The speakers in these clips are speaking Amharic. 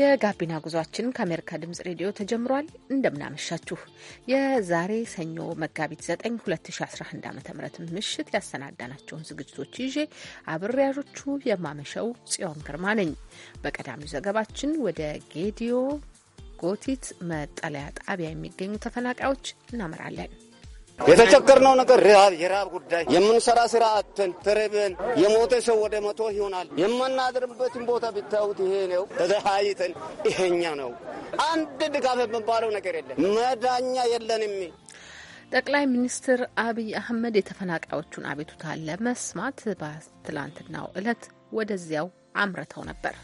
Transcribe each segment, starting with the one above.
የጋቢና ጉዟችን ከአሜሪካ ድምጽ ሬዲዮ ተጀምሯል። እንደምናመሻችሁ የዛሬ ሰኞ መጋቢት 9 2011 ዓ ም ምሽት ያሰናዳናቸውን ዝግጅቶች ይዤ አብሬያዦቹ የማመሸው ጽዮን ግርማ ነኝ። በቀዳሚው ዘገባችን ወደ ጌዲዮ ጎቲት መጠለያ ጣቢያ የሚገኙ ተፈናቃዮች እናመራለን። የተቸገርነው ነገር ረሃብ፣ የረሃብ ጉዳይ የምንሰራ ስራ አተን ተረብን የሞተ ሰው ወደ መቶ ይሆናል። የምናድርበትን ቦታ ብታዩት ይሄ ነው። ተዘሃይተን ይሄኛ ነው። አንድ ድጋፍ የምባለው ነገር የለም። መዳኛ የለንም። ጠቅላይ ሚኒስትር አብይ አህመድ የተፈናቃዮቹን አቤቱታ ለመስማት በትላንትናው እለት ወደዚያው አምርተው ነበር።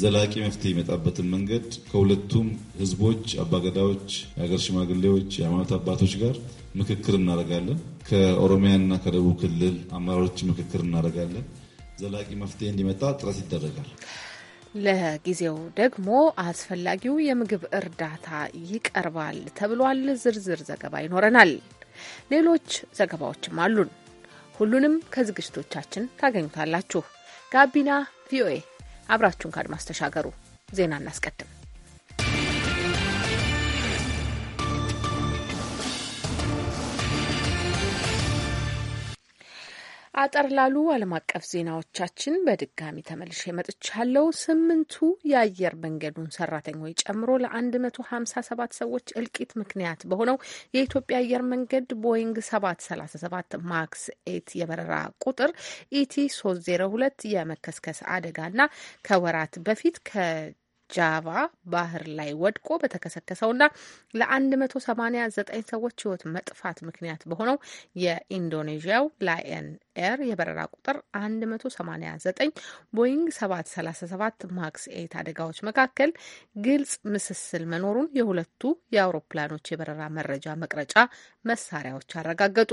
ዘላቂ መፍትሄ የመጣበትን መንገድ ከሁለቱም ህዝቦች፣ አባገዳዎች፣ የሀገር ሽማግሌዎች፣ የሃይማኖት አባቶች ጋር ምክክር እናደርጋለን። ከኦሮሚያና ከደቡብ ክልል አመራሮች ምክክር እናደርጋለን። ዘላቂ መፍትሄ እንዲመጣ ጥረት ይደረጋል። ለጊዜው ደግሞ አስፈላጊው የምግብ እርዳታ ይቀርባል ተብሏል። ዝርዝር ዘገባ ይኖረናል። ሌሎች ዘገባዎችም አሉን። ሁሉንም ከዝግጅቶቻችን ታገኙታላችሁ። ጋቢና ቪኦኤ አብራችሁን ከአድማስ ተሻገሩ። ዜና እናስቀድም። አጠር ላሉ ዓለም አቀፍ ዜናዎቻችን በድጋሚ ተመልሼ መጥቻለሁ። ስምንቱ የአየር መንገዱን ሰራተኞች ጨምሮ ለ157 ሰዎች እልቂት ምክንያት በሆነው የኢትዮጵያ አየር መንገድ ቦይንግ 737 ማክስ ኤት የበረራ ቁጥር ኢቲ 302 የመከስከስ አደጋና ከወራት በፊት ጃቫ ባህር ላይ ወድቆ በተከሰከሰውና ለ189 ሰዎች ህይወት መጥፋት ምክንያት በሆነው የኢንዶኔዥያው ላየን ኤር የበረራ ቁጥር 189 ቦይንግ 737 ማክስ ኤት አደጋዎች መካከል ግልጽ ምስስል መኖሩን የሁለቱ የአውሮፕላኖች የበረራ መረጃ መቅረጫ መሳሪያዎች አረጋገጡ።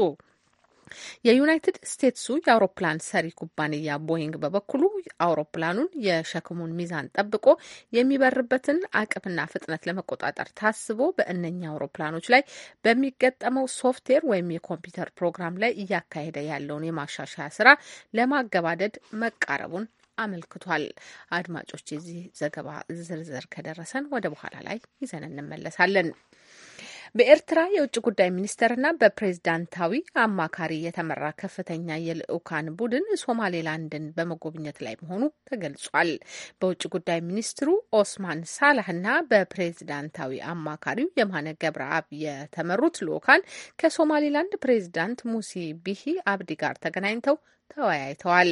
የዩናይትድ ስቴትሱ የአውሮፕላን ሰሪ ኩባንያ ቦይንግ በበኩሉ አውሮፕላኑን የሸክሙን ሚዛን ጠብቆ የሚበርበትን አቅምና ፍጥነት ለመቆጣጠር ታስቦ በእነኛ አውሮፕላኖች ላይ በሚገጠመው ሶፍትዌር ወይም የኮምፒውተር ፕሮግራም ላይ እያካሄደ ያለውን የማሻሻያ ስራ ለማገባደድ መቃረቡን አመልክቷል። አድማጮች፣ የዚህ ዘገባ ዝርዝር ከደረሰን ወደ በኋላ ላይ ይዘን እንመለሳለን። በኤርትራ የውጭ ጉዳይ ሚኒስቴርና በፕሬዝዳንታዊ አማካሪ የተመራ ከፍተኛ የልዑካን ቡድን ሶማሌላንድን በመጎብኘት ላይ መሆኑ ተገልጿል። በውጭ ጉዳይ ሚኒስትሩ ኦስማን ሳላህና በፕሬዝዳንታዊ አማካሪው የማነ ገብረአብ የተመሩት ልዑካን ከሶማሌላንድ ፕሬዝዳንት ሙሲ ቢሂ አብዲ ጋር ተገናኝተው ተወያይተዋል።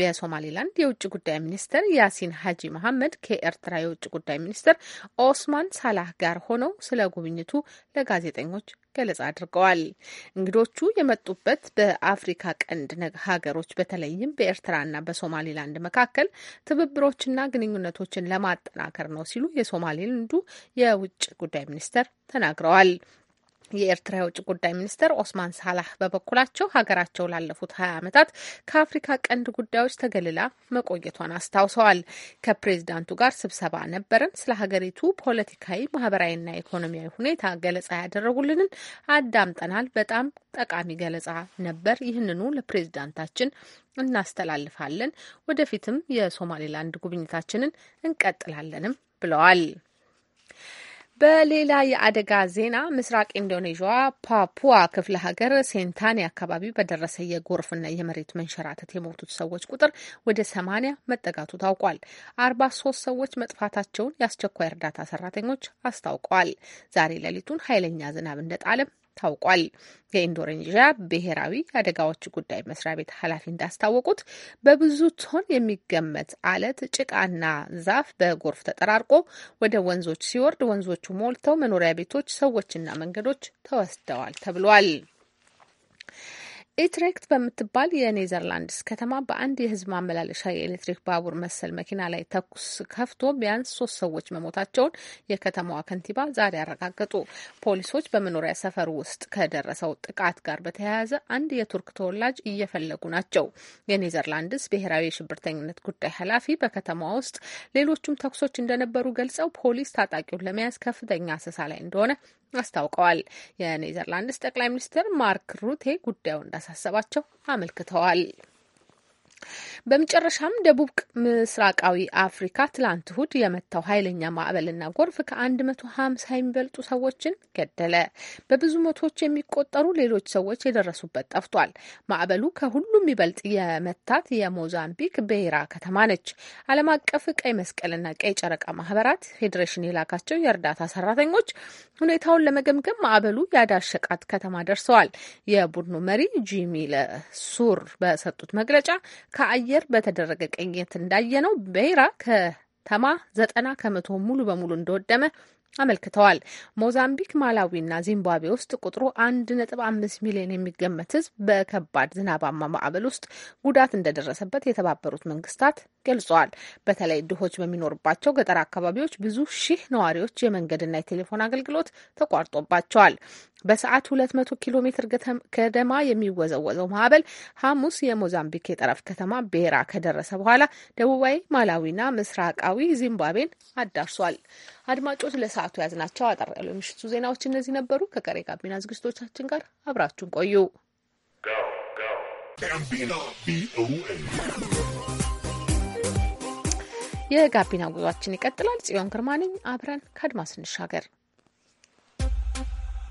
የሶማሌላንድ የውጭ ጉዳይ ሚኒስትር ያሲን ሀጂ መሐመድ ከኤርትራ የውጭ ጉዳይ ሚኒስትር ኦስማን ሳላህ ጋር ሆነው ስለ ጉብኝቱ ለጋዜጠኞች ገለጻ አድርገዋል። እንግዶቹ የመጡበት በአፍሪካ ቀንድ ሀገሮች በተለይም በኤርትራና በሶማሌላንድ መካከል ትብብሮችና ግንኙነቶችን ለማጠናከር ነው ሲሉ የሶማሌላንዱ የውጭ ጉዳይ ሚኒስትር ተናግረዋል። የኤርትራ የውጭ ጉዳይ ሚኒስትር ኦስማን ሳላህ በበኩላቸው ሀገራቸው ላለፉት ሀያ ዓመታት ከአፍሪካ ቀንድ ጉዳዮች ተገልላ መቆየቷን አስታውሰዋል። ከፕሬዚዳንቱ ጋር ስብሰባ ነበረን። ስለ ሀገሪቱ ፖለቲካዊ፣ ማህበራዊና ኢኮኖሚያዊ ሁኔታ ገለጻ ያደረጉልንን አዳምጠናል። በጣም ጠቃሚ ገለጻ ነበር። ይህንኑ ለፕሬዚዳንታችን እናስተላልፋለን። ወደፊትም የሶማሌላንድ ጉብኝታችንን እንቀጥላለንም ብለዋል። በሌላ የአደጋ ዜና ምስራቅ ኢንዶኔዥያ ፓፑዋ ክፍለ ሀገር ሴንታኒ አካባቢ በደረሰ የጎርፍና የመሬት መንሸራተት የሞቱት ሰዎች ቁጥር ወደ ሰማኒያ መጠጋቱ ታውቋል። አርባ ሶስት ሰዎች መጥፋታቸውን የአስቸኳይ እርዳታ ሰራተኞች አስታውቀዋል። ዛሬ ሌሊቱን ኃይለኛ ዝናብ እንደጣለም ታውቋል። የኢንዶኔዥያ ብሔራዊ አደጋዎች ጉዳይ መስሪያ ቤት ኃላፊ እንዳስታወቁት በብዙ ቶን የሚገመት አለት፣ ጭቃና ዛፍ በጎርፍ ተጠራርቆ ወደ ወንዞች ሲወርድ ወንዞቹ ሞልተው መኖሪያ ቤቶች፣ ሰዎችና መንገዶች ተወስደዋል ተብሏል። ኢትሬክት በምትባል የኔዘርላንድስ ከተማ በአንድ የህዝብ ማመላለሻ የኤሌክትሪክ ባቡር መሰል መኪና ላይ ተኩስ ከፍቶ ቢያንስ ሶስት ሰዎች መሞታቸውን የከተማዋ ከንቲባ ዛሬ አረጋገጡ። ፖሊሶች በመኖሪያ ሰፈር ውስጥ ከደረሰው ጥቃት ጋር በተያያዘ አንድ የቱርክ ተወላጅ እየፈለጉ ናቸው። የኔዘርላንድስ ብሔራዊ የሽብርተኝነት ጉዳይ ኃላፊ በከተማዋ ውስጥ ሌሎቹም ተኩሶች እንደነበሩ ገልጸው ፖሊስ ታጣቂውን ለመያዝ ከፍተኛ አሰሳ ላይ እንደሆነ አስታውቀዋል። የኔዘርላንድስ ጠቅላይ ሚኒስትር ማርክ ሩቴ ጉዳዩ እንዳሳሰባቸው አመልክተዋል። በመጨረሻም ደቡብ ምስራቃዊ አፍሪካ ትላንት እሁድ የመታው ኃይለኛ ማዕበልና ጎርፍ ከ150 የሚበልጡ ሰዎችን ገደለ። በብዙ መቶዎች የሚቆጠሩ ሌሎች ሰዎች የደረሱበት ጠፍቷል። ማዕበሉ ከሁሉም ይበልጥ የመታት የሞዛምቢክ ቤራ ከተማ ነች። ዓለም አቀፍ ቀይ መስቀልና ቀይ ጨረቃ ማህበራት ፌዴሬሽን የላካቸው የእርዳታ ሰራተኞች ሁኔታውን ለመገምገም ማዕበሉ ያዳሸቃት ከተማ ደርሰዋል። የቡድኑ መሪ ጂሚ ለሱር በሰጡት መግለጫ ከአየር በተደረገ ቅኝት እንዳየነው ቤራ ከተማ ዘጠና ከመቶ ሙሉ በሙሉ እንደወደመ አመልክተዋል። ሞዛምቢክ፣ ማላዊና ዚምባብዌ ውስጥ ቁጥሩ አንድ ነጥብ አምስት ሚሊዮን የሚገመት ሕዝብ በከባድ ዝናባማ ማዕበል ውስጥ ጉዳት እንደደረሰበት የተባበሩት መንግስታት ገልጸዋል። በተለይ ድሆች በሚኖርባቸው ገጠር አካባቢዎች ብዙ ሺህ ነዋሪዎች የመንገድና የቴሌፎን አገልግሎት ተቋርጦባቸዋል። በሰዓት 200 ኪሎ ሜትር ገደማ የሚወዘወዘው ማዕበል ሐሙስ የሞዛምቢክ የጠረፍ ከተማ ቤራ ከደረሰ በኋላ ደቡባዊ ማላዊና ምስራቃዊ ዚምባብዌን አዳርሷል። አድማጮች ለሰዓቱ ያዝናቸው አጠር ያሉ የምሽቱ ዜናዎች እነዚህ ነበሩ። ከቀሪ ጋቢና ዝግጅቶቻችን ጋር አብራችሁን ቆዩ። የጋቢና ጉዟችን ይቀጥላል። ጽዮን ግርማ ነኝ። አብረን ከአድማስ እንሻገር።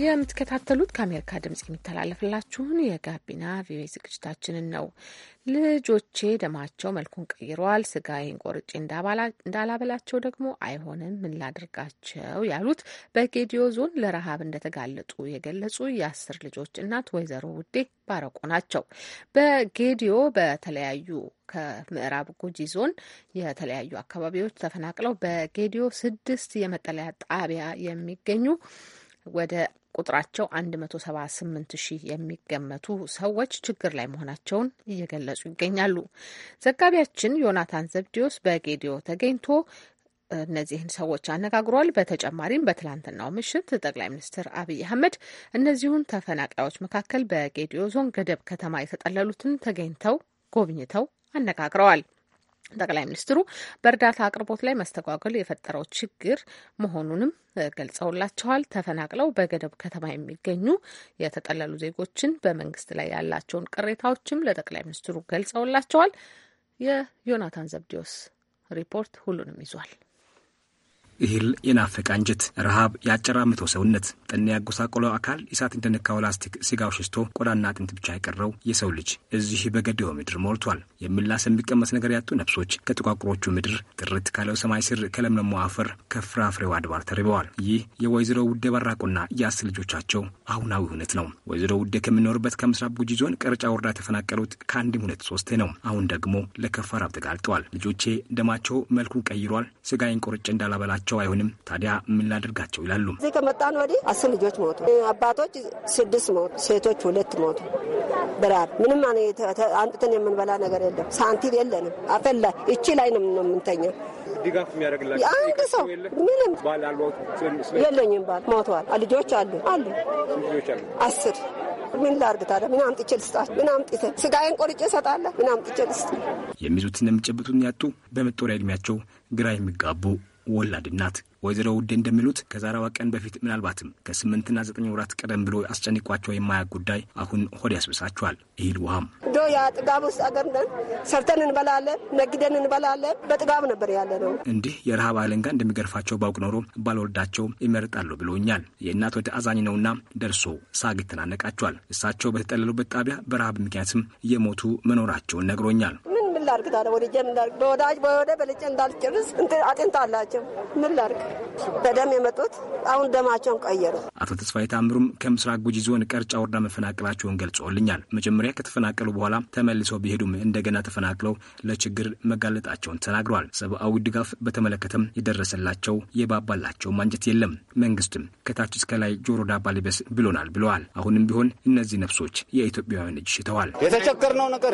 የምትከታተሉት ከአሜሪካ ድምጽ የሚተላለፍላችሁን የጋቢና ቪኦኤ ዝግጅታችንን ነው። ልጆቼ ደማቸው መልኩን ቀይረዋል፣ ስጋዬን ቆርጬ እንዳላበላቸው ደግሞ አይሆንም፣ ምን ላድርጋቸው ያሉት በጌዲዮ ዞን ለረሃብ እንደተጋለጡ የገለጹ የአስር ልጆች እናት ወይዘሮ ውዴ ባረቆ ናቸው። በጌዲዮ በተለያዩ ከምዕራብ ጉጂ ዞን የተለያዩ አካባቢዎች ተፈናቅለው በጌዲዮ ስድስት የመጠለያ ጣቢያ የሚገኙ ወደ ቁጥራቸው 178 ሺህ የሚገመቱ ሰዎች ችግር ላይ መሆናቸውን እየገለጹ ይገኛሉ። ዘጋቢያችን ዮናታን ዘብዲዮስ በጌዲዮ ተገኝቶ እነዚህን ሰዎች አነጋግሯል። በተጨማሪም በትላንትናው ምሽት ጠቅላይ ሚኒስትር አብይ አህመድ እነዚሁን ተፈናቃዮች መካከል በጌዲዮ ዞን ገደብ ከተማ የተጠለሉትን ተገኝተው ጎብኝተው አነጋግረዋል። ጠቅላይ ሚኒስትሩ በእርዳታ አቅርቦት ላይ መስተጓጎል የፈጠረው ችግር መሆኑንም ገልጸውላቸዋል። ተፈናቅለው በገደብ ከተማ የሚገኙ የተጠለሉ ዜጎችን በመንግስት ላይ ያላቸውን ቅሬታዎችም ለጠቅላይ ሚኒስትሩ ገልጸውላቸዋል። የዮናታን ዘብዲዮስ ሪፖርት ሁሉንም ይዟል። እህል የናፈቀ አንጀት፣ ረሃብ ያጨራምተው ሰውነት፣ ጠና ያጎሳቆለው አካል፣ እሳት እንደነካው ላስቲክ ስጋው ሽስቶ ቆዳና አጥንት ብቻ የቀረው የሰው ልጅ እዚህ በገደው ምድር ሞልቷል። የምላስ የሚቀመስ ነገር ያጡ ነፍሶች ከጥቋቁሮቹ ምድር ጥርት ካለው ሰማይ ስር ከለምለሞ አፈር ከፍራፍሬው አድባር ተርበዋል። ይህ የወይዘሮ ውዴ ባራቁና የአስር ልጆቻቸው አሁናዊ እውነት ነው። ወይዘሮ ውዴ ከምኖርበት ከምስራቅ ጉጂ ዞን ቀርጫ ወረዳ የተፈናቀሉት ከአንድም ሁለት ሶስቴ ነው። አሁን ደግሞ ለከፋ ራብ ተጋልጠዋል። ልጆቼ ደማቸው መልኩን ቀይሯል። ስጋዬን ቆርጬ እንዳላበላቸው ልጃቸው አይሆንም። ታዲያ ምን ላድርጋቸው ይላሉ። እዚህ ከመጣን ወዲህ አስር ልጆች ሞቱ። አባቶች ስድስት ሞቱ፣ ሴቶች ሁለት ሞቱ። ብራር ምንም አንጥተን የምንበላ ነገር የለም። ሳንቲም የለንም። አፈላ እቺ ላይ ነው የምንተኛ። ድጋፍ የሚያደርግላቸው አንድ ሰው ምንም የለኝም። ባል ሞተዋል። ልጆች አሉ አሉ አስር ምን ላርግ ታዲያ? ምን አምጥቼ ልስጣቸው? ምን አምጥተ ስጋዬን ቆርጬ እሰጣለሁ? ምን አምጥቼ ልስጥ? የሚሉትንም ጭብጡን ያጡ በመጦሪያ ዕድሜያቸው ግራ የሚጋቡ ወላድ ናት። ወይዘሮ ውዴ እንደሚሉት ከዛራዋ ቀን በፊት ምናልባትም ከስምንትና ዘጠኝ ወራት ቀደም ብሎ አስጨንቋቸው የማያውቅ ጉዳይ አሁን ሆድ ያስብሳቸዋል። ይህል ውሃም ዶ ያ ውስጥ አገር ነን። ሰርተን እንበላለን፣ ነግደን እንበላለን። በጥጋብ ነበር ያለ ነው። እንዲህ የረሃብ አለንጋ እንደሚገርፋቸው ባውቅ ኖሮ ባልወልዳቸው ይመርጣሉ ብሎኛል። የእናት ወደ አዛኝ ነውና ደርሶ ሳግ ይተናነቃቸዋል። እሳቸው በተጠለሉበት ጣቢያ በረሃብ ምክንያትም እየሞቱ መኖራቸውን ነግሮኛል። ምን ላርግ ታለ ወድጄ ምን ላርግ? በወዳጅ በወደ በልጬ እንት አጤንታ አላቸው። ምን ላርግ? በደም የመጡት አሁን ደማቸውን ቀየሩ። አቶ ተስፋዬ ታምሩም ከምስራቅ ጉጂ ዞን ቀርጫ ወረዳ መፈናቀላቸውን ገልጾልኛል። መጀመሪያ ከተፈናቀሉ በኋላ ተመልሰው ቢሄዱም እንደገና ተፈናቅለው ለችግር መጋለጣቸውን ተናግረዋል። ሰብአዊ ድጋፍ በተመለከተም የደረሰላቸው የባባላቸው ማንጀት የለም። መንግስትም ከታች እስከ ላይ ጆሮ ዳባ ልበስ ብሎናል ብለዋል። አሁንም ቢሆን እነዚህ ነፍሶች የኢትዮጵያውያን እጅ ሽተዋል። የተቸገርነው ነገር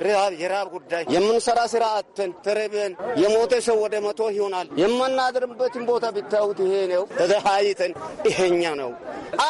የራብ ጉዳይ የምንሰራ ስራ አተን ተረብን የሞተ ሰው ወደ መቶ ይሆናል። የማናድርበትን ቦታ ብታዩት ይሄ ነው። ተደሃይተን ይሄኛ ነው።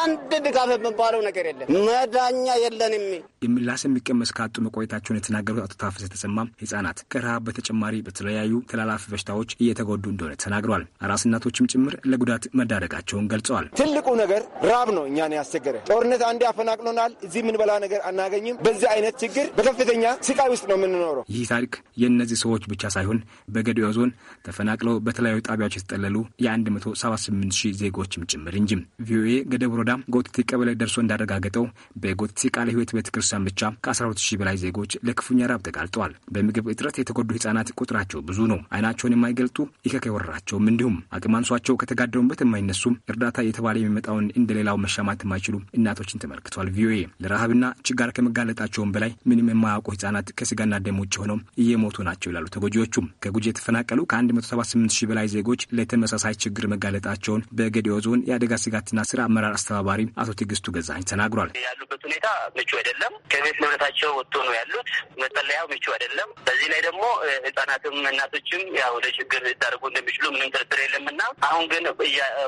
አንድ ድጋፍ የምባለው ነገር የለም። መዳኛ የለንም። የምላስ የሚቀመስ ካጡ መቆየታቸውን የተናገሩት አቶ ታፈሰ የተሰማ ህጻናት ከረሃብ በተጨማሪ በተለያዩ ተላላፊ በሽታዎች እየተጎዱ እንደሆነ ተናግረዋል። አራስ እናቶችም ጭምር ለጉዳት መዳረጋቸውን ገልጸዋል። ትልቁ ነገር ራብ ነው። እኛን ያስቸገረ ጦርነት አንዴ አፈናቅሎናል። እዚህ የምንበላ ነገር አናገኝም። በዚህ አይነት ችግር በከፍተኛ ስቃይ ውስጥ ነው የምንኖረው። ይህ ታሪክ የእነዚህ ሰዎች ብቻ ሳይሆን በገዲዮ ዞን ተፈናቅለው በተለያዩ ጣቢያዎች የተጠለሉ የ178 ሺህ ዜጎችም ጭምር እንጂ ቪኦኤ ገደብ ሮዳ ጎትቲ ቀበሌ ደርሶ እንዳረጋገጠው በጎትቲ ቃለ ህይወት ቤተ በአፍጋኒስታን ብቻ ከ12 ሺህ በላይ ዜጎች ለክፉኛ ራብ ተጋልጠዋል። በምግብ እጥረት የተጎዱ ህጻናት ቁጥራቸው ብዙ ነው። አይናቸውን የማይገልጡ ኢከክ የወረራቸውም እንዲሁም አቅም አንሷቸው ከተጋደሙበት የማይነሱም እርዳታ የተባለ የሚመጣውን እንደሌላው መሻማት የማይችሉ እናቶችን ተመልክቷል። ቪኦኤ ለረሃብና ችጋር ከመጋለጣቸውም በላይ ምንም የማያውቁ ህጻናት ከስጋና ደም ውጭ ሆነው እየሞቱ ናቸው ይላሉ ተጎጂዎቹም። ከጉጂ የተፈናቀሉ ከ178 ሺህ በላይ ዜጎች ለተመሳሳይ ችግር መጋለጣቸውን በገዲዮ ዞን የአደጋ ስጋትና ስራ አመራር አስተባባሪ አቶ ትግስቱ ገዛኝ ተናግሯል። ያሉበት ሁኔታ ምቹ አይደለም። ከቤት ንብረታቸው ወጥቶ ነው ያሉት። መጠለያው ምቹ አይደለም። በዚህ ላይ ደግሞ ህጻናትም እናቶችም ያው ለችግር ሊዳረጉ እንደሚችሉ ምንም ጥርጥር የለም እና አሁን ግን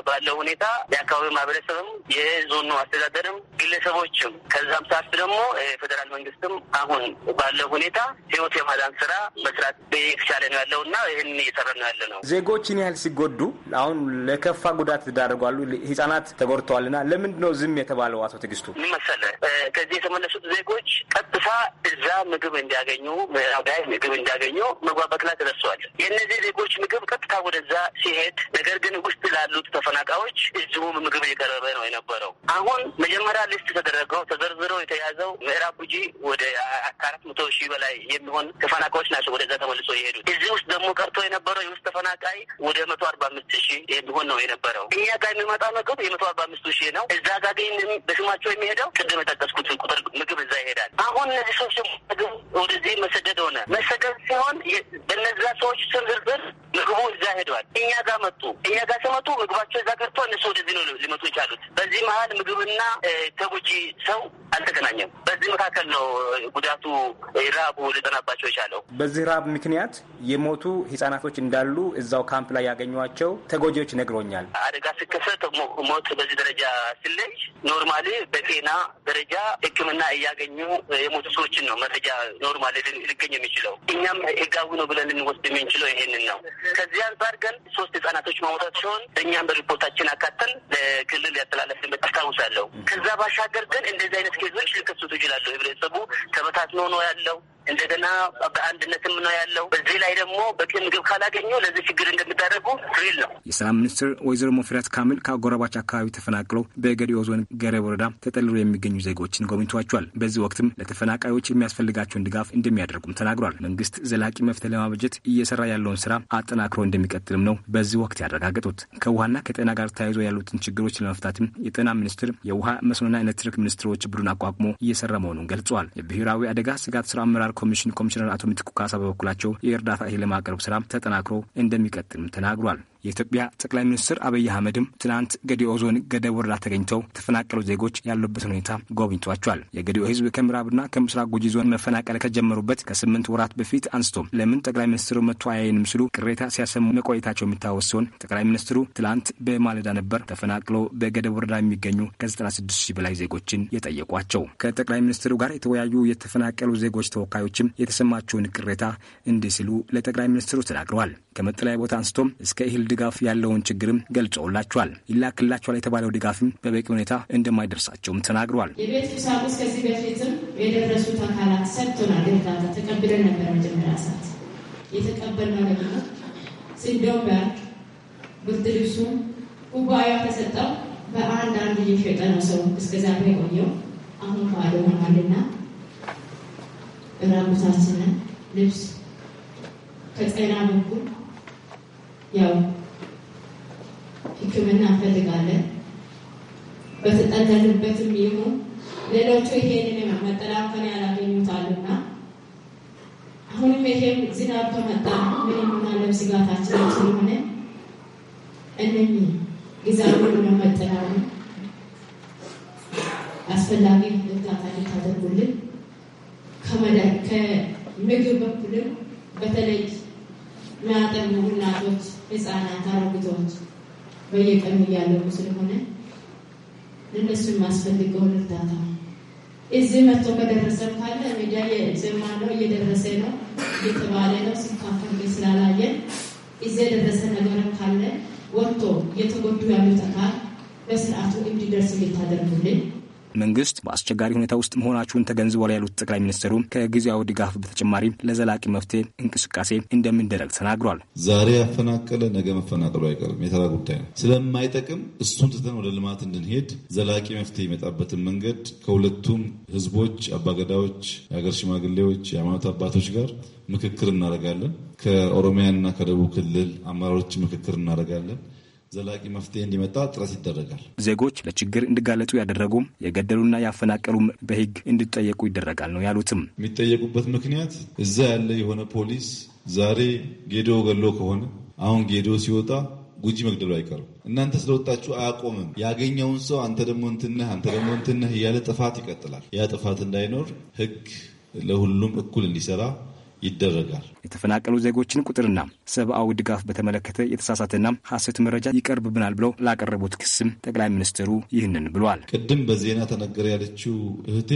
ባለው ሁኔታ የአካባቢው ማህበረሰብም የዞኑ አስተዳደርም ግለሰቦችም ከዛም ሰዓት ደግሞ የፌዴራል መንግስትም አሁን ባለው ሁኔታ ህይወት የማዳን ስራ መስራት የተቻለ ነው ያለው እና ይህን እየሰራ ነው ያለ ነው። ዜጎችን ያህል ሲጎዱ አሁን ለከፋ ጉዳት ተዳርጓሉ። ህጻናት ተጎድተዋል እና ለምንድነው ዝም የተባለው? አቶ ትግስቱ ምን መሰለህ ከዚህ የተመለሱት ዜጎች ቀጥታ እዛ ምግብ እንዲያገኙ ምዕራብ ላይ ምግብ እንዲያገኙ መግባባት ላይ ተደርሰዋል። የእነዚህ ዜጎች ምግብ ቀጥታ ወደዛ ሲሄድ፣ ነገር ግን ውስጥ ላሉት ተፈናቃዮች እዚሁ ምግብ እየቀረበ ነው የነበረው። አሁን መጀመሪያ ሊስት ተደረገው ተዘርዝሮ የተያዘው ምዕራብ ጉጂ ወደ ከአራት መቶ ሺህ በላይ የሚሆን ተፈናቃዮች ናቸው ወደዛ ተመልሶ የሄዱት። እዚህ ውስጥ ደግሞ ቀርቶ የነበረው የውስጥ ተፈናቃይ ወደ መቶ አርባ አምስት ሺህ የሚሆን ነው የነበረው። እኛ ጋር የሚመጣ ምግብ የመቶ አርባ አምስቱ ሺህ ነው። እዛ ጋር ግን በስማቸው የሚሄደው ቅድም የጠቀስኩት ቁጥር ምግብ ወደዛ ይሄዳል። አሁን እነዚህ ሰዎች ወደዚህ መሰደድ ሆነ መሰደድ ሲሆን በነዛ ሰዎች ስር ዝርዝር ምግቡ እዛ ሄደዋል። እኛ ጋር መጡ። እኛ ጋር ሲመጡ ምግባቸው እዛ ገብቶ እነሱ ወደዚህ ነው ሊመጡ የቻሉት። በዚህ መሀል ምግብና ተጎጂ ሰው አልተገናኘም። በዚህ መካከል ነው ጉዳቱ ራቡ ሊጠናባቸው የቻለው። በዚህ ራብ ምክንያት የሞቱ ህጻናቶች እንዳሉ እዛው ካምፕ ላይ ያገኟቸው ተጎጂዎች ነግሮኛል። አደጋ ስከሰት ሞት በዚህ ደረጃ ስለይ ኖርማሊ በጤና ደረጃ ህክምና እያገ ያገኙ የሞቱ ሰዎችን ነው መረጃ ኖርማል ሊገኝ የሚችለው። እኛም ህጋዊ ነው ብለን ልንወስድ የምንችለው ይሄንን ነው። ከዚህ አንጻር ግን ሶስት ህጻናቶች መሞታት ሲሆን እኛም በሪፖርታችን አካተን ለክልል ያስተላለፍንበት አስታውሳለሁ። ከዛ ባሻገር ግን እንደዚህ አይነት ኬዞች ሊከሰቱ ይችላሉ። ህብረተሰቡ ተበታትኖ ነው ያለው እንደገና በአንድነትም ነው ያለው። በዚህ ላይ ደግሞ በቂ ምግብ ካላገኘው ለዚህ ችግር እንደሚዳረጉ ሪል ነው። የሰላም ሚኒስትር ወይዘሮ ሙፈሪያት ካሚል ከአጎራባች አካባቢ ተፈናቅለው በገዲኦ ዞን ገረ ወረዳ ተጠልሎ የሚገኙ ዜጎችን ጎብኝቷቸዋል። በዚህ ወቅትም ለተፈናቃዮች የሚያስፈልጋቸውን ድጋፍ እንደሚያደርጉም ተናግሯል። መንግስት ዘላቂ መፍትሄ ለማበጀት እየሰራ ያለውን ስራ አጠናክሮ እንደሚቀጥልም ነው በዚህ ወቅት ያረጋገጡት። ከውሃና ከጤና ጋር ተያይዞ ያሉትን ችግሮች ለመፍታትም የጤና ሚኒስትር የውሃ መስኖና ኤሌክትሪክ ሚኒስትሮች ቡድን አቋቁሞ እየሰራ መሆኑን ገልጸዋል። የብሔራዊ አደጋ ስጋት ስራ አመራር ኮሚሽን ኮሚሽነር አቶ ምትኩ ካሳ በበኩላቸው የእርዳታ እህል የማቅረብ ስራ ተጠናክሮ እንደሚቀጥልም ተናግሯል። የኢትዮጵያ ጠቅላይ ሚኒስትር አብይ አህመድም ትናንት ገዲኦ ዞን ገደብ ወረዳ ተገኝተው የተፈናቀሉ ዜጎች ያሉበትን ሁኔታ ጎብኝቷቸዋል። የገዲኦ ህዝብ ከምዕራብና ከምስራቅ ጉጂ ዞን መፈናቀል ከጀመሩበት ከስምንት ወራት በፊት አንስቶ ለምን ጠቅላይ ሚኒስትሩ መጥቶ አያይንም ሲሉ ቅሬታ ሲያሰሙ መቆየታቸው የሚታወስ ሲሆን ጠቅላይ ሚኒስትሩ ትናንት በማለዳ ነበር ተፈናቅለው በገደብ ወረዳ የሚገኙ ከ96 ሺህ በላይ ዜጎችን የጠየቋቸው። ከጠቅላይ ሚኒስትሩ ጋር የተወያዩ የተፈናቀሉ ዜጎች ተወካዮችም የተሰማቸውን ቅሬታ እንዲህ ሲሉ ለጠቅላይ ሚኒስትሩ ተናግረዋል። ከመጠለያ ቦታ አንስቶ እስከ እህል ድጋፍ ያለውን ችግርም ገልጸውላቸዋል። ይላክላቸዋል የተባለው ድጋፍም በበቂ ሁኔታ እንደማይደርሳቸውም ተናግረዋል። የቤት ቁሳቁስ ከዚህ በፊትም የደረሱት አካላት ሰጥቶናል። እርዳታ ተቀብለን ነበር። መጀመሪያ ሰዓት የተቀበልነው ደግሞ ስንዴው ጋር ብርድ ልብሱ ጉባኤ ተሰጠው በአንድ አንድ እየሸጠ ነው ሰው እስከዛ የቆየው አሁን ባዶ ሆኗልና ራቁታችንን ልብስ ከጤና በኩል ያው ሕክምና እንፈልጋለን። በተጠለልበትም ይሁን ሌሎቹ ይሄንን ያላገኙት አሉና አሁንም ይሄም ዝናብ ከመጣ ምን የምናለው ስጋታችን ስለሆነ እነህ ጊዜያዊ መጠናሉ አስፈላጊ እርዳታ ታደርጉልን ከምግብ በኩልም በተለይ ሚያጠሙ እናቶች ህጻናት፣ አሮጊቶች በየቀኑ እያለቁ ስለሆነ እነሱን ማስፈልገውን እርዳታ እዚህ መጥቶ ከደረሰም ካለ ሚዲያ የዘማ ነው እየደረሰ ነው እየተባለ ነው ሲካፈል ስላላየን እዚህ የደረሰ ነገርም ካለ ወጥቶ የተጎዱ ያሉት አካል በስርዓቱ እንዲደርስ እየታደርጉልን መንግስት በአስቸጋሪ ሁኔታ ውስጥ መሆናችሁን ተገንዝቧል ያሉት ጠቅላይ ሚኒስትሩ ከጊዜያዊ ድጋፍ በተጨማሪ ለዘላቂ መፍትሄ እንቅስቃሴ እንደሚደረግ ተናግሯል። ዛሬ ያፈናቀለ ነገ መፈናቀሉ አይቀርም፣ የተራ ጉዳይ ነው። ስለማይጠቅም እሱን ትተን ወደ ልማት እንድንሄድ ዘላቂ መፍትሄ የመጣበትን መንገድ ከሁለቱም ህዝቦች፣ አባገዳዎች፣ የሀገር ሽማግሌዎች፣ የሃይማኖት አባቶች ጋር ምክክር እናደርጋለን። ከኦሮሚያና ከደቡብ ክልል አመራሮች ምክክር እናደርጋለን። ዘላቂ መፍትሄ እንዲመጣ ጥረት ይደረጋል። ዜጎች ለችግር እንዲጋለጡ ያደረጉ የገደሉና ያፈናቀሉም በህግ እንዲጠየቁ ይደረጋል ነው ያሉትም። የሚጠየቁበት ምክንያት እዛ ያለ የሆነ ፖሊስ ዛሬ ጌዶ ገሎ ከሆነ አሁን ጌዶ ሲወጣ ጉጂ መግደሉ አይቀርም። እናንተ ስለወጣችሁ አያቆምም። ያገኘውን ሰው አንተ ደግሞ እንትነህ አንተ ደግሞ እንትነህ እያለ ጥፋት ይቀጥላል። ያ ጥፋት እንዳይኖር ህግ ለሁሉም እኩል እንዲሰራ ይደረጋል። የተፈናቀሉ ዜጎችን ቁጥርና ሰብአዊ ድጋፍ በተመለከተ የተሳሳተና ሐሰት መረጃ ይቀርብብናል ብለው ላቀረቡት ክስም ጠቅላይ ሚኒስትሩ ይህንን ብሏል። ቅድም በዜና ተነገረ ያለችው እህቴ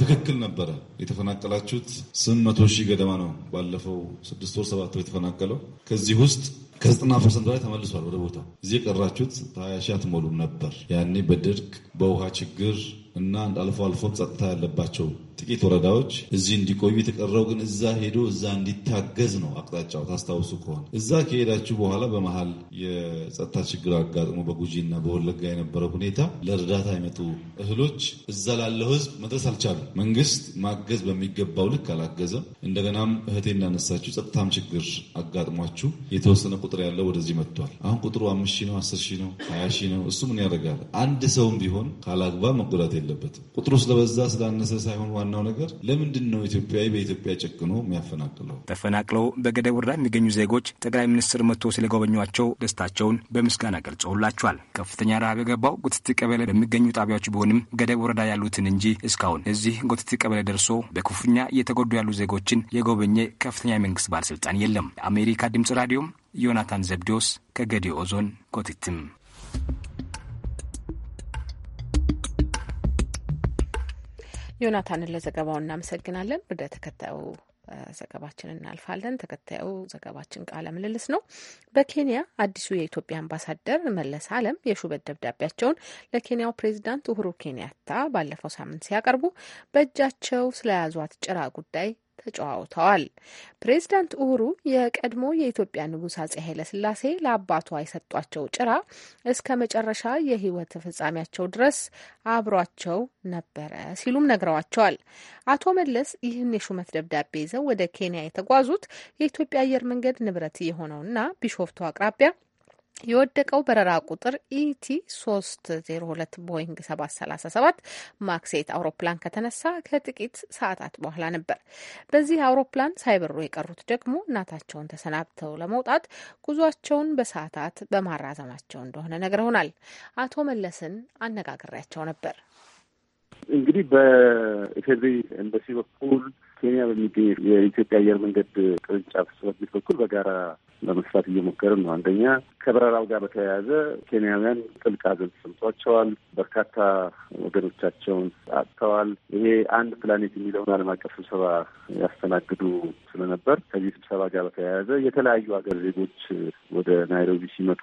ትክክል ነበረ። የተፈናቀላችሁት ስምንት መቶ ሺህ ገደማ ነው። ባለፈው ስድስት ወር ሰባት ወር የተፈናቀለው ከዚህ ውስጥ ከዘጠና ፐርሰንት በላይ ተመልሷል ወደ ቦታው። እዚህ የቀራችሁት ሀያ ሺህ አትሞሉም ነበር ያኔ በድርቅ በውሃ ችግር እና አልፎ አልፎ ጸጥታ ያለባቸው ጥቂት ወረዳዎች እዚህ እንዲቆዩ የተቀረው ግን እዛ ሄዶ እዛ እንዲታገዝ ነው አቅጣጫው። ታስታውሱ ከሆነ እዛ ከሄዳችሁ በኋላ በመሀል የጸጥታ ችግር አጋጥሞ በጉጂና በወለጋ የነበረው ሁኔታ ለእርዳታ የመጡ እህሎች እዛ ላለው ህዝብ መድረስ አልቻሉም። መንግስት ማገዝ በሚገባው ልክ አላገዘም። እንደገናም እህቴ እንዳነሳችሁ ጸጥታም ችግር አጋጥሟችሁ የተወሰነ ቁጥር ያለው ወደዚህ መጥቷል። አሁን ቁጥሩ አምስት ሺህ ነው፣ አስር ሺህ ነው፣ ሀያ ሺህ ነው። እሱ ምን ያደርጋል? አንድ ሰውም ቢሆን ካላግባብ መጎዳት የለበትም። ቁጥሩ ስለበዛ ስላነሰ ሳይሆን ዋናው ነገር ለምንድን ነው ኢትዮጵያዊ በኢትዮጵያ ጨክኖ የሚያፈናቅለው? ተፈናቅለው በገደብ ወረዳ የሚገኙ ዜጎች ጠቅላይ ሚኒስትር መጥቶ ስለጎበኟቸው ደስታቸውን በምስጋና ገልጸውላቸዋል። ከፍተኛ ረሃብ የገባው ጉትት ቀበሌ በሚገኙ ጣቢያዎች ቢሆንም ገደብ ወረዳ ያሉትን እንጂ እስካሁን እዚህ ጉትት ቀበሌ ደርሶ በክፉኛ እየተጎዱ ያሉ ዜጎችን የጎበኘ ከፍተኛ የመንግስት ባለስልጣን የለም። የአሜሪካ ድምጽ ራዲዮም ዮናታን ዘብዴዎስ ከገዲኦ ዞን ጎትትም ዮናታንን ለዘገባው እናመሰግናለን። ወደ ተከታዩ ዘገባችን እናልፋለን። ተከታዩ ዘገባችን ቃለ ምልልስ ነው። በኬንያ አዲሱ የኢትዮጵያ አምባሳደር መለስ አለም የሹመት ደብዳቤያቸውን ለኬንያው ፕሬዚዳንት ኡሁሩ ኬንያታ ባለፈው ሳምንት ሲያቀርቡ በእጃቸው ስለያዟት ጭራ ጉዳይ ተጨዋውተዋል። ፕሬዚዳንት ኡሁሩ የቀድሞ የኢትዮጵያ ንጉሥ አጼ ኃይለስላሴ ለአባቷ የሰጧቸው ጭራ እስከ መጨረሻ የህይወት ፍጻሜያቸው ድረስ አብሯቸው ነበረ ሲሉም ነግረዋቸዋል። አቶ መለስ ይህን የሹመት ደብዳቤ ይዘው ወደ ኬንያ የተጓዙት የኢትዮጵያ አየር መንገድ ንብረት የሆነውና ቢሾፍቱ አቅራቢያ የወደቀው በረራ ቁጥር ኢቲ 302 ቦይንግ 737 ማክሴት አውሮፕላን ከተነሳ ከጥቂት ሰዓታት በኋላ ነበር። በዚህ አውሮፕላን ሳይበሩ የቀሩት ደግሞ እናታቸውን ተሰናብተው ለመውጣት ጉዟቸውን በሰዓታት በማራዘማቸው እንደሆነ ነግረውናል። አቶ መለስን አነጋግሬያቸው ነበር። እንግዲህ በኢፌዴሪ ኤምባሲ በኩል ኬንያ በሚገኝ የኢትዮጵያ አየር መንገድ ቅርንጫፍ ጽሕፈት ቤት በኩል በጋራ ለመስራት እየሞከርን ነው። አንደኛ ከበረራው ጋር በተያያዘ ኬንያውያን ጥልቅ ሐዘን ተሰምቷቸዋል። በርካታ ወገኖቻቸውን አጥተዋል። ይሄ አንድ ፕላኔት የሚለውን ዓለም አቀፍ ስብሰባ ያስተናግዱ ስለነበር ከዚህ ስብሰባ ጋር በተያያዘ የተለያዩ ሀገር ዜጎች ወደ ናይሮቢ ሲመጡ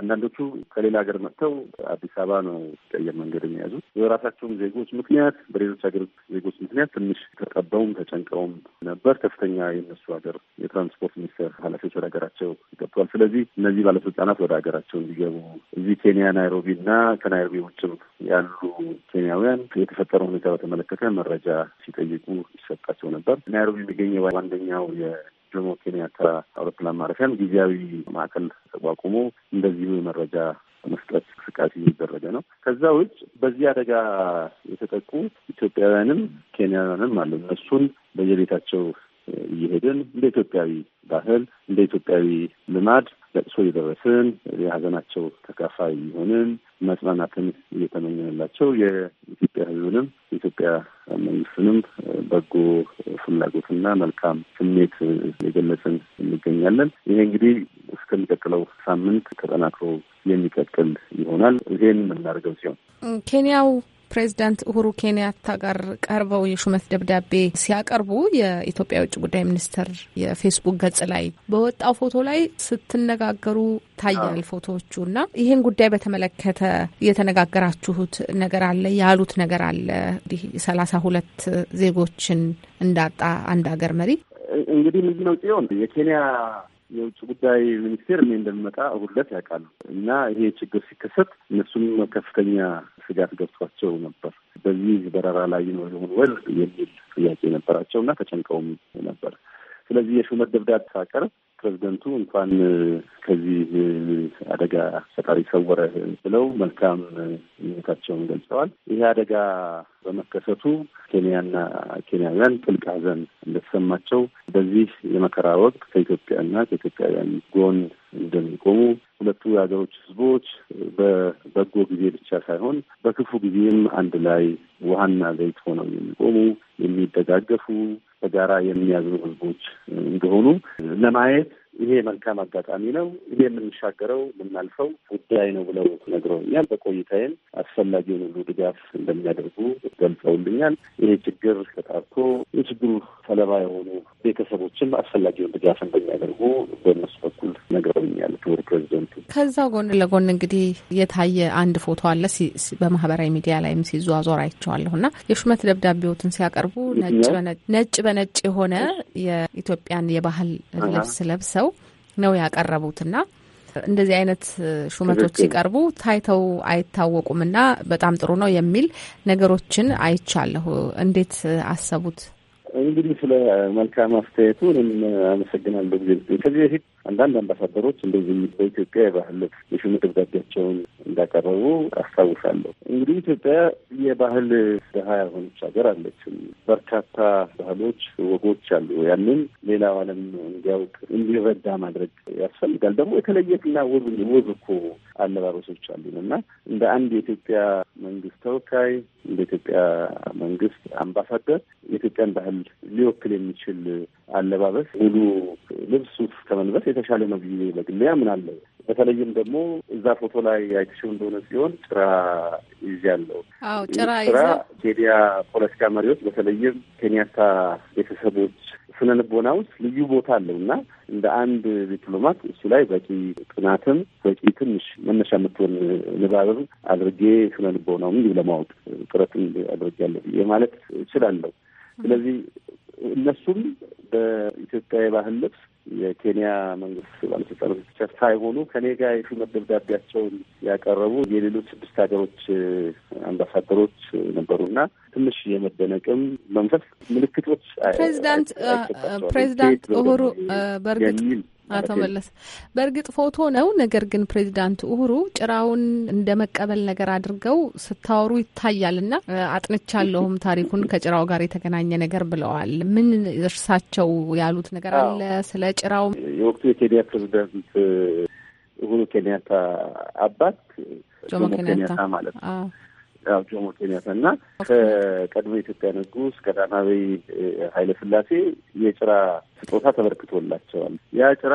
አንዳንዶቹ ከሌላ ሀገር መጥተው አዲስ አበባ ነው ቀየር መንገድ የሚያዙት። በራሳቸውም ዜጎች ምክንያት በሌሎች ሀገር ዜጎች ምክንያት ትንሽ ተጠበውም ተጨንቀውም ነበር። ከፍተኛ የነሱ ሀገር የትራንስፖርት ሚኒስቴር ኃላፊዎች ወደ ሀገራቸው ገብተዋል። ስለዚህ እነዚህ ባለስልጣናት ወደ ሀገራቸው እንዲገቡ እዚህ ኬንያ ናይሮቢ እና ከናይሮቢ ውጭም ያሉ ኬንያውያን የተፈጠረው ሁኔታ በተመለከተ መረጃ ሲጠይቁ ይሰጣቸው ነበር። ናይሮቢ የሚገኘው አንደኛው ጆሞ ኬንያታ አውሮፕላን ማረፊያም ጊዜያዊ ማዕከል ተቋቁሞ እንደዚሁ የመረጃ መስጠት እንቅስቃሴ እየተደረገ ነው። ከዛ ውጭ በዚህ አደጋ የተጠቁ ኢትዮጵያውያንም ኬንያውያንም አሉ። እነሱን በየቤታቸው እየሄድን እንደ ኢትዮጵያዊ ባህል እንደ ኢትዮጵያዊ ልማድ ለቅሶ እየደረስን የሀዘናቸው ተካፋይ የሆንን መጽናናትን እየተመኘንላቸው የኢትዮጵያ ሕዝብንም የኢትዮጵያ መንግስትንም በጎ ፍላጎትና መልካም ስሜት የገለጽን እንገኛለን። ይሄ እንግዲህ እስከሚቀጥለው ሳምንት ተጠናክሮ የሚቀጥል ይሆናል። ይሄን የምናደርገው ሲሆን ኬንያው ፕሬዚዳንት ኡሁሩ ኬንያታ ጋር ቀርበው የሹመት ደብዳቤ ሲያቀርቡ የኢትዮጵያ የውጭ ጉዳይ ሚኒስትር የፌስቡክ ገጽ ላይ በወጣው ፎቶ ላይ ስትነጋገሩ ታያል ፎቶዎቹ እና ይህን ጉዳይ በተመለከተ የተነጋገራችሁት ነገር አለ ያሉት ነገር አለ እንዲህ ሰላሳ ሁለት ዜጎችን እንዳጣ አንድ ሀገር መሪ እንግዲህ ምንድን ነው ጽዮን የኬንያ የውጭ ጉዳይ ሚኒስቴር እኔ እንደምመጣ እሁድ ዕለት ያውቃሉ እና ይሄ ችግር ሲከሰት እነሱም ከፍተኛ ስጋት ገብቷቸው ነበር። በዚህ በረራ ላይ ነው የሆን የሚል ጥያቄ ነበራቸው እና ተጨንቀውም ነበር። ስለዚህ የሹመት ደብዳቤ ሳቀርብ ፕሬዚደንቱ እንኳን ከዚህ አደጋ ፈጣሪ ሰወረ ብለው መልካም ምኞታቸውን ገልጸዋል። ይሄ አደጋ በመከሰቱ ኬንያና ኬንያውያን ጥልቅ ሐዘን ስለሚሰማቸው በዚህ የመከራ ወቅት ከኢትዮጵያና ከኢትዮጵያውያን ጎን እንደሚቆሙ ሁለቱ የሀገሮች ህዝቦች በበጎ ጊዜ ብቻ ሳይሆን በክፉ ጊዜም አንድ ላይ ውሃና ዘይት ሆነው የሚቆሙ የሚደጋገፉ በጋራ የሚያዝኑ ህዝቦች እንደሆኑ ለማየት ይሄ መልካም አጋጣሚ ነው፣ ይሄ የምንሻገረው የምናልፈው ጉዳይ ነው ብለው ነግረውኛል። በቆይታዬም አስፈላጊውን ሁሉ ድጋፍ እንደሚያደርጉ ገልጸውልኛል። ይሄ ችግር ተጣርቶ የችግሩ ሰለባ የሆኑ ቤተሰቦችም አስፈላጊውን ድጋፍ እንደሚያደርጉ በእነሱ በኩል ነግረውኛል። ክቡር ፕሬዚደንቱ ከዛ ጎን ለጎን እንግዲህ የታየ አንድ ፎቶ አለ በማህበራዊ ሚዲያ ላይም ሲዟዟር አይቼዋለሁ እና የሹመት ደብዳቤዎትን ሲያቀርቡ ነጭ በነጭ የሆነ የኢትዮጵያን የባህል ልብስ ለብሰው ነው ያቀረቡትና እንደዚህ አይነት ሹመቶች ሲቀርቡ ታይተው አይታወቁም እና በጣም ጥሩ ነው የሚል ነገሮችን አይቻለሁ። እንዴት አሰቡት? እንግዲህ ስለ መልካም አስተያየቱ አመሰግናለሁ። ከዚህ በፊት አንዳንድ አምባሳደሮች እንደዚህ በኢትዮጵያ የባህል የሹም ደብዳቤያቸውን እንዳቀረቡ አስታውሳለሁ። እንግዲህ ኢትዮጵያ የባህል ድሀ የሆነች ሀገር አለችም። በርካታ ባህሎች፣ ወጎች አሉ። ያንን ሌላው ዓለም እንዲያውቅ እንዲረዳ ማድረግ ያስፈልጋል። ደግሞ የተለየትና ውብ ውብ እኮ አለባበሶች አሉን እና እንደ አንድ የኢትዮጵያ መንግስት ተወካይ እንደ ኢትዮጵያ መንግስት አምባሳደር የኢትዮጵያን ባህል ሊወክል የሚችል አለባበስ ሙሉ ልብሱ ከመልበስ የተሻለ ነው ብዬ በግሌ አምናለሁ። በተለይም ደግሞ እዛ ፎቶ ላይ አይተሽው እንደሆነ ሲሆን ጭራ ይዣለሁ። አዎ ጭራ ኬንያ ፖለቲካ መሪዎች በተለይም ኬንያታ ቤተሰቦች ስነ ልቦና ውስጥ ልዩ ቦታ አለው እና እንደ አንድ ዲፕሎማት እሱ ላይ በቂ ጥናትም በቂ ትንሽ መነሻ የምትሆን ንባብም አድርጌ ስነ ልቦናውም እንዲሁ ለማወቅ ጥረትም አድርጌያለሁ የማለት እችላለሁ። ስለዚህ እነሱም በኢትዮጵያ የባህል ልብስ የኬንያ መንግስት ባለስልጣኖች ብቻ ሳይሆኑ ከኔ ጋር የሹመት ደብዳቤያቸውን ያቀረቡ የሌሎች ስድስት ሀገሮች አምባሳደሮች ነበሩና ትንሽ የመደነቅም መንፈስ ምልክቶች ፕሬዚዳንት ፕሬዚዳንት ኦሆሩ በእርግጥ አቶ መለስ በእርግጥ ፎቶ ነው። ነገር ግን ፕሬዚዳንት ኡሁሩ ጭራውን እንደ መቀበል ነገር አድርገው ስታወሩ ይታያል እና አጥንቻለሁም ታሪኩን ከጭራው ጋር የተገናኘ ነገር ብለዋል። ምን እርሳቸው ያሉት ነገር አለ ስለ ጭራው? የወቅቱ የኬንያ ፕሬዚዳንት ኡሁሩ ኬንያታ አባት ጆሞ ኬንያታ ማለት ነው ያው ጆሞ ኬንያታ እና ከቀድሞ የኢትዮጵያ ንጉስ ቀዳማዊ ኃይለ ሥላሴ የጭራ ስጦታ ተበርክቶላቸዋል። ያ ጭራ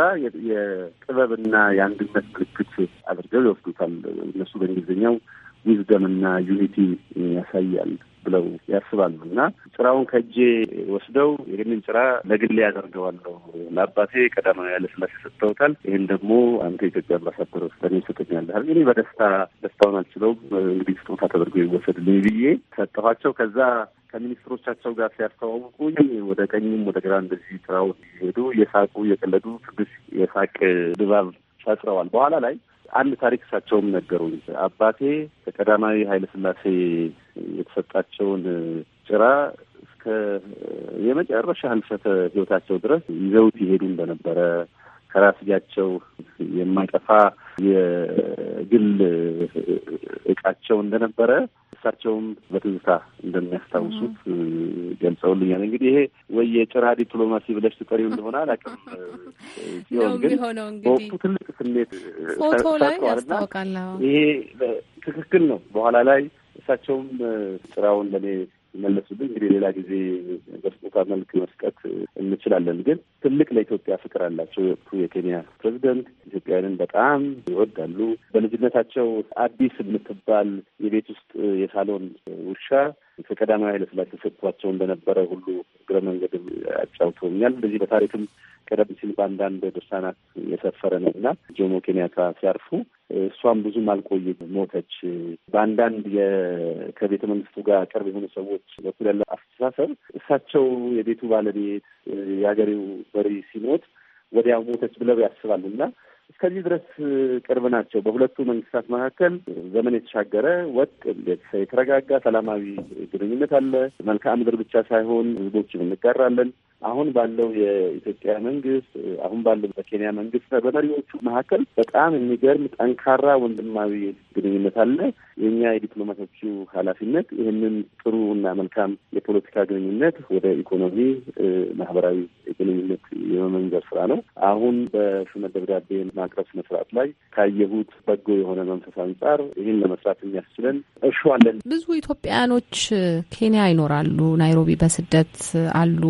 የጥበብና የአንድነት ምልክት አድርገው ይወስዱታል እነሱ በእንግሊዝኛው ዊዝደም ዊዝደምና ዩኒቲ ያሳያል ብለው ያስባሉ እና ጭራውን ከእጄ ወስደው ይህንን ጭራ ለግሌ ያደርገዋለሁ ለአባቴ ቀዳማዊ ኃይለ ሥላሴ ሰጥተውታል፣ ይህን ደግሞ አንተ ኢትዮጵያ አምባሳደር ውስጥ ለእኔ ትሰጠኛለህ። እኔ በደስታ ደስታውን አልችለውም፣ እንግዲህ ስጦታ ተደርጎ ይወሰድልኝ ብዬ ሰጠኋቸው። ከዛ ከሚኒስትሮቻቸው ጋር ሲያስተዋውቁኝ ወደ ቀኝም ወደ ግራ እንደዚህ ጭራውን ሲሄዱ እየሳቁ እየቀለዱ ትንሽ የሳቅ ድባብ ፈጥረዋል። በኋላ ላይ አንድ ታሪክ እሳቸውም ነገሩኝ። አባቴ ከቀዳማዊ ኃይለሥላሴ የተሰጣቸውን ጭራ እስከ የመጨረሻ ህልፈተ ህይወታቸው ድረስ ይዘውት ይሄዱ እንደነበረ ከራስጌያቸው የማይጠፋ የግል እቃቸው እንደነበረ እሳቸውም በትዝታ እንደሚያስታውሱት ገልጸውልኛል። እንግዲህ ይሄ ወይ የጭራ ዲፕሎማሲ ብለሽ ትጠሪው እንደሆነ አላውቅም። ሲሆን ግን በወቅቱ ትልቅ ስሜት ሰጥተዋልና ይሄ ትክክል ነው። በኋላ ላይ እሳቸውም ጭራውን ለእኔ ይመለሱብን። እንግዲህ ሌላ ጊዜ በስጦታ መልክ መስጠት እንችላለን። ግን ትልቅ ለኢትዮጵያ ፍቅር አላቸው። የወቅቱ የኬንያ ፕሬዚደንት ኢትዮጵያውያንን በጣም ይወዳሉ። በልጅነታቸው አዲስ የምትባል የቤት ውስጥ የሳሎን ውሻ ከቀዳማዊ ኃይለሥላሴ ሰጥቷቸው እንደነበረ ሁሉ እግረ መንገድም አጫውተውኛል። እንደዚህ በታሪክም ቀደም ሲል በአንዳንድ ድርሳናት የሰፈረ ነው እና ጆሞ ኬንያታ ሲያርፉ እሷም ብዙም አልቆየም ሞተች። በአንዳንድ ከቤተ መንግስቱ ጋር ቅርብ የሆኑ ሰዎች በኩል ያለ አስተሳሰብ እሳቸው የቤቱ ባለቤት የሀገሬው መሪ ሲሞት ወዲያው ሞተች ብለው እና እስከዚህ ድረስ ቅርብ ናቸው። በሁለቱ መንግስታት መካከል ዘመን የተሻገረ ወጥ የተረጋጋ ሰላማዊ ግንኙነት አለ። መልክዓ ምድር ብቻ ሳይሆን ህዝቦችን እንጋራለን። አሁን ባለው የኢትዮጵያ መንግስት አሁን ባለው በኬንያ መንግስት በመሪዎቹ መካከል በጣም የሚገርም ጠንካራ ወንድማዊ ግንኙነት አለ። የእኛ የዲፕሎማቶቹ ኃላፊነት ይህንን ጥሩ እና መልካም የፖለቲካ ግንኙነት ወደ ኢኮኖሚ፣ ማህበራዊ ግንኙነት የመመንዘር ስራ ነው። አሁን በሹመት ደብዳቤ ማቅረብ ስነ ስርዓት ላይ ካየሁት በጎ የሆነ መንፈስ አንጻር ይህን ለመስራት የሚያስችለን እርሾ አለን። ብዙ ኢትዮጵያውያኖች ኬንያ ይኖራሉ፣ ናይሮቢ በስደት አሉ።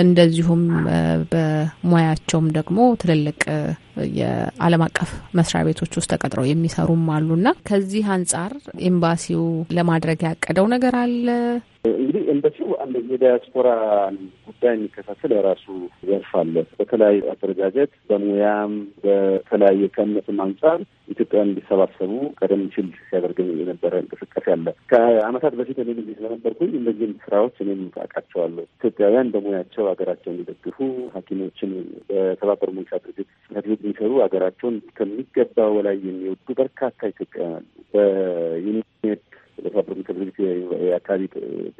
እንደዚሁም በሙያቸውም ደግሞ ትልልቅ የዓለም አቀፍ መስሪያ ቤቶች ውስጥ ተቀጥረው የሚሰሩም አሉና ከዚህ አንጻር ኤምባሲው ለማድረግ ያቀደው ነገር አለ እንግዲህ እንደዚሁ አንድ የዲያስፖራ ጉዳይ የሚከታተል የራሱ ዘርፍ አለ። በተለያዩ አደረጃጀት፣ በሙያም በተለያየ ከእምነትም አንጻር ኢትዮጵያን እንዲሰባሰቡ ቀደም ሲል ሲያደርግ የነበረ እንቅስቃሴ አለ። ከአመታት በፊት እኔ ጊዜ ስለነበርኩኝ እነዚህም ስራዎች እኔም ታውቃቸዋለሁ። ኢትዮጵያውያን በሙያቸው ሀገራቸው እንዲደግፉ ሐኪሞችን በተባበሩት መንግስታት ድርጅት ጽሕፈት ቤት የሚሰሩ ሀገራቸውን ከሚገባ በላይ የሚወዱ በርካታ ኢትዮጵያውያን በዩኒት በተባበሩት ምክር ቤት የአካባቢ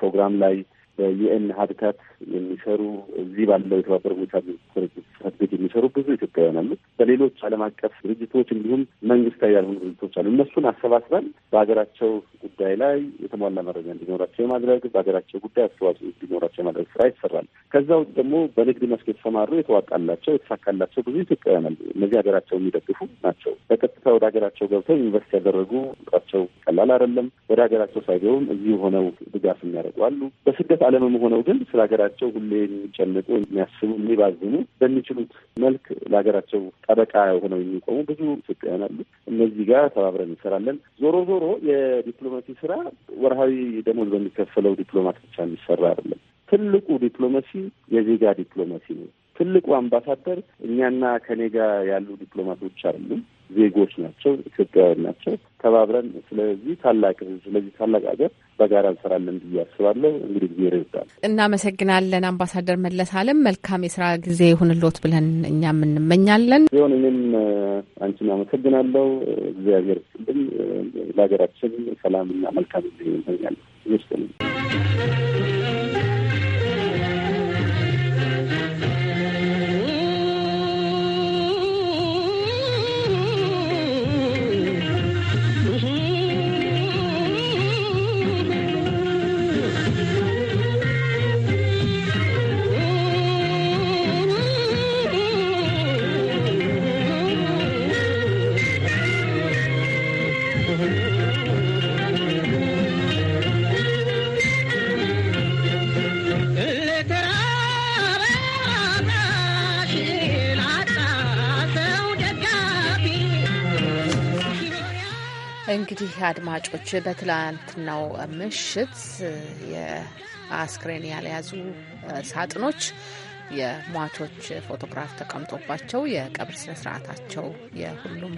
ፕሮግራም ላይ በዩኤን ሀብታት የሚሰሩ እዚህ ባለው የተባበሩት መንግስታት ድርጅት ቤት የሚሰሩ ብዙ ኢትዮጵያውያን አሉ። በሌሎች ዓለም አቀፍ ድርጅቶች እንዲሁም መንግስታዊ ያልሆኑ ድርጅቶች አሉ። እነሱን አሰባስበን በሀገራቸው ጉዳይ ላይ የተሟላ መረጃ እንዲኖራቸው የማድረግ በሀገራቸው ጉዳይ አስተዋጽኦ እንዲኖራቸው የማድረግ ስራ ይሰራል። ከዛ ውጭ ደግሞ በንግድ መስክ የተሰማሩ የተዋጣላቸው የተሳካላቸው ብዙ ኢትዮጵያውያን አሉ። እነዚህ ሀገራቸው የሚደግፉ ናቸው። በቀጥታ ወደ ሀገራቸው ገብተው ዩኒቨርስቲ ያደረጉ ቁጥራቸው ቀላል አይደለም። ወደ ሀገራቸው ሳይገቡም እዚሁ ሆነው ድጋፍ የሚያደርጉ አሉ። በስደት አለመሆነው ግን ስለ ሀገራቸው ሁሌ የሚጨነቁ የሚያስቡ፣ የሚባዝኑ በሚችሉት መልክ ለሀገራቸው ጠበቃ ሆነው የሚቆሙ ብዙ ኢትዮጵያውያን አሉ። እነዚህ ጋር ተባብረን እንሰራለን። ዞሮ ዞሮ የዲፕሎማሲ ስራ ወርሃዊ ደሞዝ በሚከፈለው ዲፕሎማት ብቻ የሚሰራ አይደለም። ትልቁ ዲፕሎማሲ የዜጋ ዲፕሎማሲ ነው። ትልቁ አምባሳደር እኛና ከኔ ጋር ያሉ ዲፕሎማቶች አይደሉም፣ ዜጎች ናቸው፣ ኢትዮጵያውያን ናቸው። ተባብረን ስለዚህ ታላቅ ስለዚህ ታላቅ ሀገር በጋራ እንሰራለን ብዬ አስባለሁ። እንግዲህ ጊዜ ይረዳል። እናመሰግናለን። አምባሳደር መለስ አለም መልካም የስራ ጊዜ ይሁንልዎት ብለን እኛም እንመኛለን። ሲሆን እኔም አንቺን አመሰግናለሁ። እግዚአብሔር ስልም ለሀገራችን ሰላምና መልካም ጊዜ እንመኛለን። ይስጥልኝ። እንግዲህ አድማጮች በትላንትናው ምሽት የአስክሬን ያልያዙ ሳጥኖች የሟቾች ፎቶግራፍ ተቀምጦባቸው የቀብር ስነስርዓታቸው የሁሉም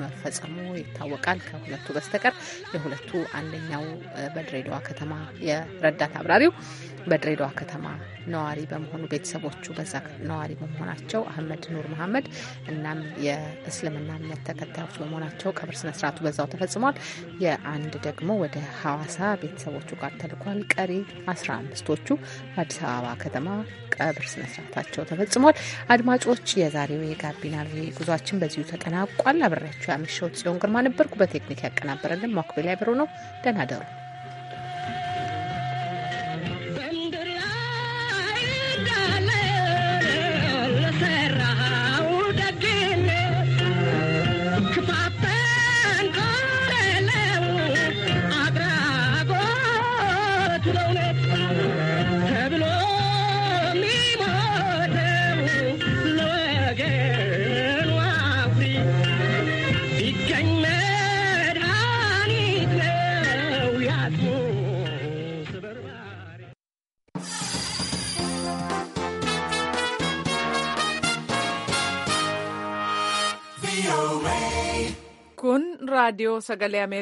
መፈጸሙ ይታወቃል። ከሁለቱ በስተቀር የሁለቱ አንደኛው በድሬዳዋ ከተማ የረዳት አብራሪው በድሬዳዋ ከተማ ነዋሪ በመሆኑ ቤተሰቦቹ በዛ ነዋሪ በመሆናቸው አህመድ ኑር መሀመድ እናም የእስልምና እምነት ተከታዮች በመሆናቸው ቀብር ስነስርዓቱ በዛው ተፈጽሟል። የአንድ ደግሞ ወደ ሐዋሳ ቤተሰቦቹ ጋር ተልኳል። ቀሪ አስራ አምስቶቹ በአዲስ አበባ ከተማ ቀብር ስነ ስርዓታቸው ተፈጽሟል። አድማጮች፣ የዛሬው የጋቢና ጉዟችን በዚሁ ተጠናቋል። አብሬያቸው ያመሸሁት ጽዮን ግርማ ነበርኩ። በቴክኒክ ያቀናበረልን ሞክቤል ያብሮ ነው። ደህና ደሩ። Radio Sagalee